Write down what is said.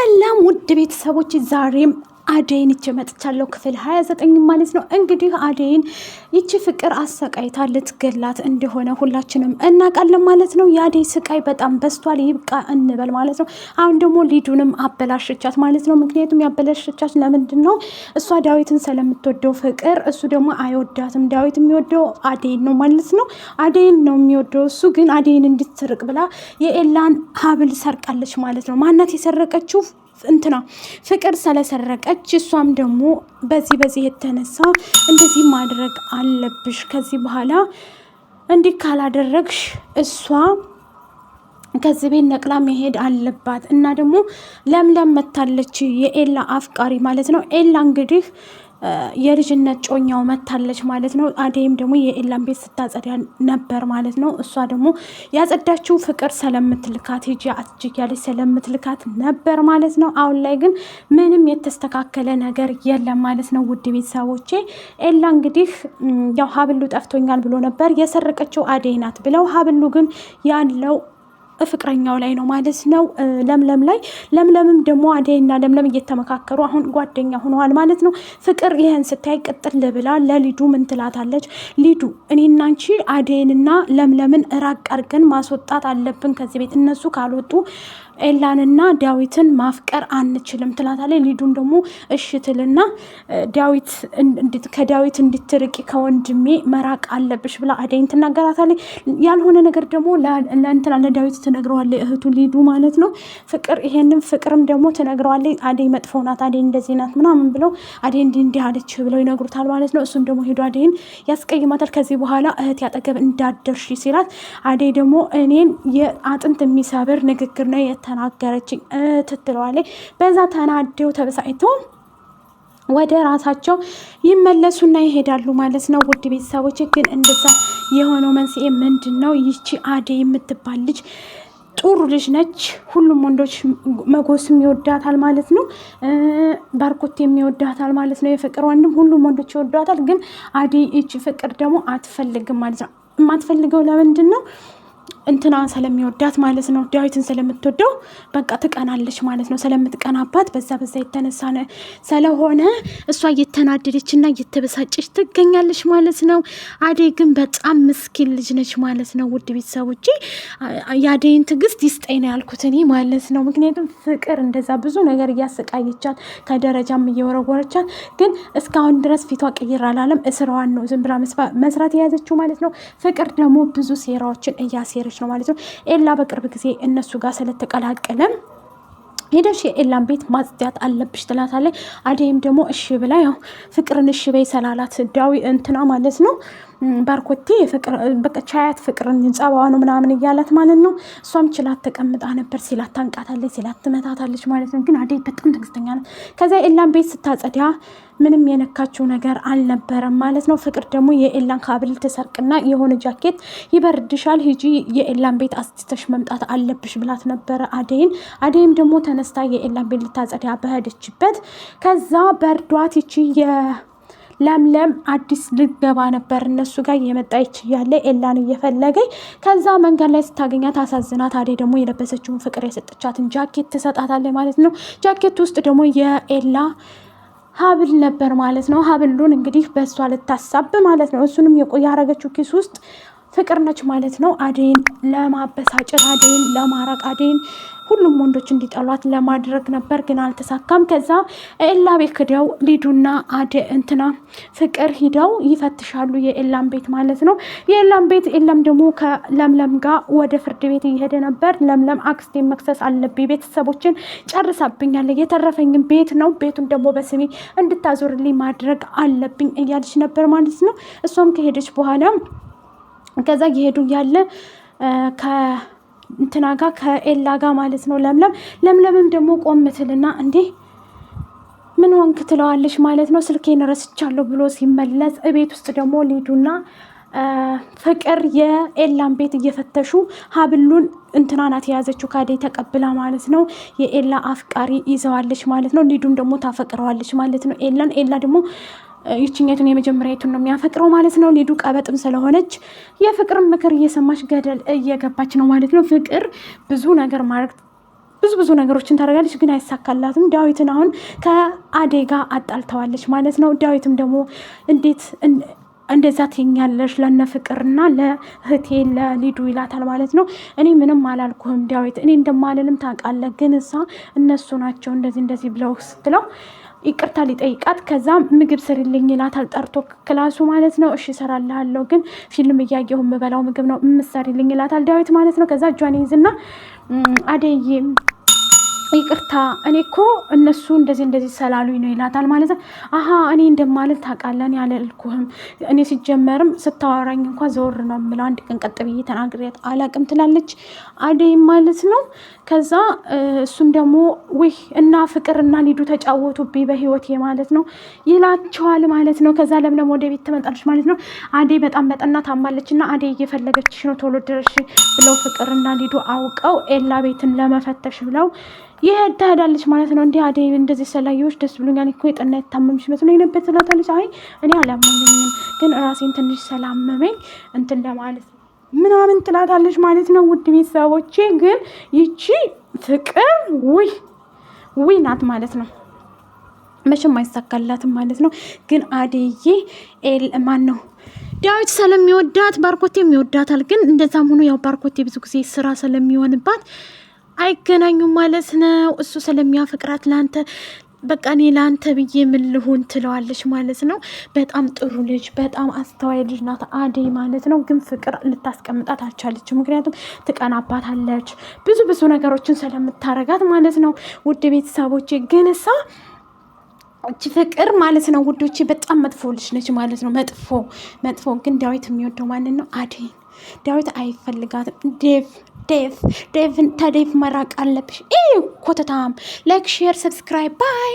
ሰላም ውድ ቤተሰቦች ዛሬም አደይን ይቼ መጥቻለሁ ክፍል 29 ማለት ነው። እንግዲህ አደይን ይቺ ፍቅር አሰቃይታ ልትገላት እንደሆነ ሁላችንም እናውቃለን ማለት ነው። የአደይ ስቃይ በጣም በስቷል፣ ይብቃ እንበል ማለት ነው። አሁን ደግሞ ሊዱንም አበላሸቻት ማለት ነው። ምክንያቱም ያበላሸቻት ለምንድን ነው? እሷ ዳዊትን ስለምትወደው ፍቅር፣ እሱ ደግሞ አይወዳትም። ዳዊት የሚወደው አደይን ነው ማለት ነው። አደይን ነው የሚወደው እሱ ግን አደይን እንድትርቅ ብላ የኤላን ሀብል ሰርቃለች ማለት ነው። ማናት የሰረቀችው? እንትና ፍቅር ስለሰረቀች ያች እሷም ደግሞ በዚህ በዚህ የተነሳ እንደዚህ ማድረግ አለብሽ፣ ከዚህ በኋላ እንዲህ ካላደረግሽ እሷ ከዚህ ቤት ነቅላ መሄድ አለባት እና ደግሞ ለምለም መታለች፣ የኤላ አፍቃሪ ማለት ነው። ኤላ እንግዲህ የልጅነት ጮኛው መታለች ማለት ነው። አደይም ደግሞ የኤላን ቤት ስታጸዳ ነበር ማለት ነው። እሷ ደግሞ ያጸዳችው ፍቅር ስለምትልካት ሂጂ አትጅ ያለች ስለምትልካት ነበር ማለት ነው። አሁን ላይ ግን ምንም የተስተካከለ ነገር የለም ማለት ነው። ውድ ቤተሰቦቼ ኤላ እንግዲህ ያው ሀብሉ ጠፍቶኛል ብሎ ነበር የሰረቀችው አደይ ናት ብለው ሀብሉ ግን ያለው ፍቅረኛው ላይ ነው ማለት ነው፣ ለምለም ላይ። ለምለምም ደግሞ አደይና ለምለም እየተመካከሩ አሁን ጓደኛ ሆነዋል ማለት ነው። ፍቅር ይህን ስታይ ቅጥል ብላ ለሊዱ ምን ትላታለች? ሊዱ እኔና አንቺ አደይንና ለምለምን ራቅ አድርገን ማስወጣት አለብን ከዚህ ቤት እነሱ ካልወጡ ኤላንና ዳዊትን ማፍቀር አንችልም ትላታለች። ሊዱን ደግሞ እሽትልና ዳዊት ከዳዊት እንድትርቂ ከወንድሜ መራቅ አለብሽ ብላ አደይን ትናገራታለች። ያልሆነ ነገር ደግሞ ለእንትና ለዳዊት ትነግረዋለች፣ እህቱ ሊዱ ማለት ነው። ፍቅር ይሄንም ፍቅርም ደግሞ ትነግረዋለች። አደይ መጥፎ ናት፣ አደይ እንደዚህ ናት ምናምን ብለው አደይ እንዲህ እንዲህ አለች ብለው ይነግሩታል ማለት ነው። እሱም ደግሞ ሄዶ አደይን ያስቀይማታል። ከዚህ በኋላ እህት ያጠገብ እንዳደርሽ ሲላት አደይ ደግሞ እኔን የአጥንት የሚሰብር ንግግር ነው ተናገረችኝ ትትለዋለች። በዛ ተናደው ተበሳጭቶ ወደ ራሳቸው ይመለሱና ይሄዳሉ ማለት ነው። ውድ ቤተሰቦች ግን እንደዛ የሆነው መንስኤ ምንድን ነው? ይቺ አዴ የምትባል ልጅ ጥሩ ልጅ ነች። ሁሉም ወንዶች መጎስም ይወዳታል ማለት ነው። ባርኮቴም ይወዳታል ማለት ነው። የፍቅር ወንድም ሁሉም ወንዶች ይወዳታል። ግን አዴ ይቺ ፍቅር ደግሞ አትፈልግም ማለት ነው። የማትፈልገው ለምንድን ነው? እንትናን ስለሚወዳት ማለት ነው። ዳዊትን ስለምትወደው በቃ ትቀናለች ማለት ነው። ስለምትቀናባት በዛ በዛ የተነሳ ስለሆነ እሷ እየተናደደች እና እየተበሳጨች ትገኛለች ማለት ነው። አደይ ግን በጣም ምስኪን ልጅ ነች ማለት ነው። ውድ ቤተሰቦቼ የአደይን ትዕግስት ይስጠኝ ነው ያልኩት እኔ ማለት ነው። ምክንያቱም ፍቅር እንደዛ ብዙ ነገር እያሰቃየቻት ከደረጃም እየወረወረቻት፣ ግን እስካሁን ድረስ ፊቷ ቀይር አላለም። እስራዋን ነው ዝም ብላ መስራት የያዘችው ማለት ነው። ፍቅር ደግሞ ብዙ ሴራዎችን እያሴረ እየተናገረች ነው ማለት ነው። ኤላ በቅርብ ጊዜ እነሱ ጋር ስለተቀላቀለ ሄደሽ የኤላን ቤት ማጽዳት አለብሽ ትላታለች። አደይም ደግሞ እሺ ብላ ያው ፍቅርን እሺ በይ ሰላላት ዳዊ እንትና ማለት ነው ባርኮቴ በቃ ቻያት ፍቅርን ጸባዋ ነው ምናምን እያላት ማለት ነው። እሷም ችላት ተቀምጣ ነበር። ሲላት ታንቃታለች፣ ሲላት ትመታታለች ማለት ነው። ግን አደይ በጣም ትዕግስተኛ ናት። ከዚያ ኤላን ቤት ስታጸዳ ምንም የነካችው ነገር አልነበረም ማለት ነው። ፍቅር ደግሞ የኤላን ካብል ትሰርቅና የሆነ ጃኬት ይበርድሻል፣ ሂጂ የኤላን ቤት አስስተሽ መምጣት አለብሽ ብላት ነበረ አደይን። አደይም ደግሞ ተነስታ የኤላን ቤት ልታጸዳ በሄደችበት ከዛ በርዷት ይቺ ለምለም አዲስ ልገባ ነበር እነሱ ጋር የመጣች ያለ ኤላን እየፈለገኝ ከዛ መንገድ ላይ ስታገኛት አሳዝናት። አዴ ደግሞ የለበሰችውን ፍቅር የሰጠቻትን ጃኬት ትሰጣታለች ማለት ነው። ጃኬት ውስጥ ደግሞ የኤላ ሀብል ነበር ማለት ነው። ሀብሉን እንግዲህ በእሷ ልታሳብ ማለት ነው። እሱንም ያረገችው ኪስ ውስጥ ፍቅር ነች ማለት ነው። አዴን ለማበሳጨት፣ አዴን ለማራቅ አዴን ሁሉም ወንዶች እንዲጠሏት ለማድረግ ነበር፣ ግን አልተሳካም። ከዛ ኤላ ቤት ክደው ሊዱና አደ እንትና ፍቅር ሂደው ይፈትሻሉ፣ የኤላም ቤት ማለት ነው። የኤላም ቤት ኤላም ደግሞ ከለምለም ጋር ወደ ፍርድ ቤት እየሄደ ነበር። ለምለም አክስቴን መክሰስ አለብኝ፣ ቤተሰቦችን ጨርሳብኛለ፣ የተረፈኝን ቤት ነው፣ ቤቱን ደግሞ በስሜ እንድታዞርልኝ ማድረግ አለብኝ እያለች ነበር ማለት ነው። እሷም ከሄደች በኋላ ከዛ እየሄዱ ያለ እንትና ከኤላ ጋር ማለት ነው ለምለም። ለምለምም ደግሞ ቆም ትልና እንዴ ምን ሆንክ ትለዋለች ማለት ነው። ስልኬን ረስቻለሁ ብሎ ሲመለስ እቤት ውስጥ ደግሞ ሊዱና ፍቅር የኤላን ቤት እየፈተሹ ሀብሉን እንትናናት የያዘችው ካዴ ተቀብላ ማለት ነው። የኤላ አፍቃሪ ይዘዋለች ማለት ነው። ሊዱም ደግሞ ታፈቅረዋለች ማለት ነው ኤላን ኤላ ደግሞ ይችኛቱን የመጀመሪያቱን ነው የሚያፈቅረው ማለት ነው። ሊዱ ቀበጥም ስለሆነች የፍቅርን ምክር እየሰማች ገደል እየገባች ነው ማለት ነው። ፍቅር ብዙ ነገር ማድረግ ብዙ ብዙ ነገሮችን ታደርጋለች፣ ግን አይሳካላትም። ዳዊትን አሁን ከአዴጋ አጣልተዋለች ማለት ነው። ዳዊትም ደግሞ እንዴት እንደዛ ትኛለሽ ለነ ፍቅርና ለእህቴ ለሊዱ ይላታል ማለት ነው። እኔ ምንም አላልኩህም ዳዊት፣ እኔ እንደማልልም ታውቃለህ፣ ግን እሳ እነሱ ናቸው እንደዚህ እንደዚህ ብለው ስትለው ይቅርታ ሊጠይቃት ከዛ ምግብ ስሪልኝ ይላታል ጠርቶ ክላሱ ማለት ነው። እሺ እሰራልሃለሁ ግን ፊልም እያየሁ የምበላው ምግብ ነው የምሰሪልኝ ይላታል ዳዊት ማለት ነው። ከዛ እጇን ይዝና አደይ ይቅርታ እኔ እኮ እነሱ እንደዚህ እንደዚህ ሰላሉኝ ነው ይላታል ማለት ነው። አሀ እኔ እንደማልል ታውቃለህ፣ ያለልኩህም እኔ ሲጀመርም ስታወራኝ እንኳ ዘወር ነው የምለው፣ አንድ ቀን ቀጥ ብዬ ተናግሬያት አላቅም ትላለች አደይ ማለት ነው። ከዛ እሱም ደግሞ ውህ እና ፍቅር እና ሊዱ ተጫወቱብኝ በህይወቴ ማለት ነው ይላቸዋል ማለት ነው። ከዛ ለምለም ወደ ቤት ትመጣለች ማለት ነው። አደይ በጣም በጠና ታማለች እና አደይ እየፈለገችሽ ነው ቶሎ ድረሽ ብለው ፍቅር እና ሊዱ አውቀው ኤላ ቤትን ለመፈተሽ ብለው ይህ ታሄዳለች ማለት ነው። እንዲህ አደይ እንደዚህ ሰላዮች ደስ ብሎኛል እኮ የጠና የታመምሽ መስሎኝ ነበር ትላታለች። አይ እኔ አላመመኝም ግን ራሴን ትንሽ ሰላመመኝ እንትን ለማለት ምናምን ትላታለች ማለት ነው። ውድ ቤተሰቦቼ ግን ይቺ ፍቅር ውይ ውይ ናት ማለት ነው። መቼም አይሳካላትም ማለት ነው። ግን አደዬ ኤል ማን ነው ዳዊት ስለሚወዳት ባርኮቴም ይወዳታል። ግን እንደዛም ሆኖ ያው ባርኮቴ ብዙ ጊዜ ስራ ስለሚሆንባት አይገናኙም ማለት ነው። እሱ ስለሚያፈቅራት ለአንተ በቃ እኔ ለአንተ ብዬ ምን ትለዋለች ማለት ነው። በጣም ጥሩ ልጅ፣ በጣም አስተዋይ ልጅ ናት አደይ ማለት ነው። ግን ፍቅር ልታስቀምጣት አልቻለችም። ምክንያቱም ትቀናባታለች ብዙ ብዙ ነገሮችን ስለምታረጋት ማለት ነው። ውድ ቤተሰቦቼ ግን እሳ እቺ ፍቅር ማለት ነው ውዶቼ፣ በጣም መጥፎ ልጅ ነች ማለት ነው። መጥፎ መጥፎ ግን ዳዊት የሚወደው ማንን ነው? አደይ ዳዊት አይፈልጋትም። ዴቭ ዴቭ ዴቭን ተዴቭ መራቅ አለብሽ። ኮተታም ላይክ፣ ሼር፣ ሰብስክራይብ ባይ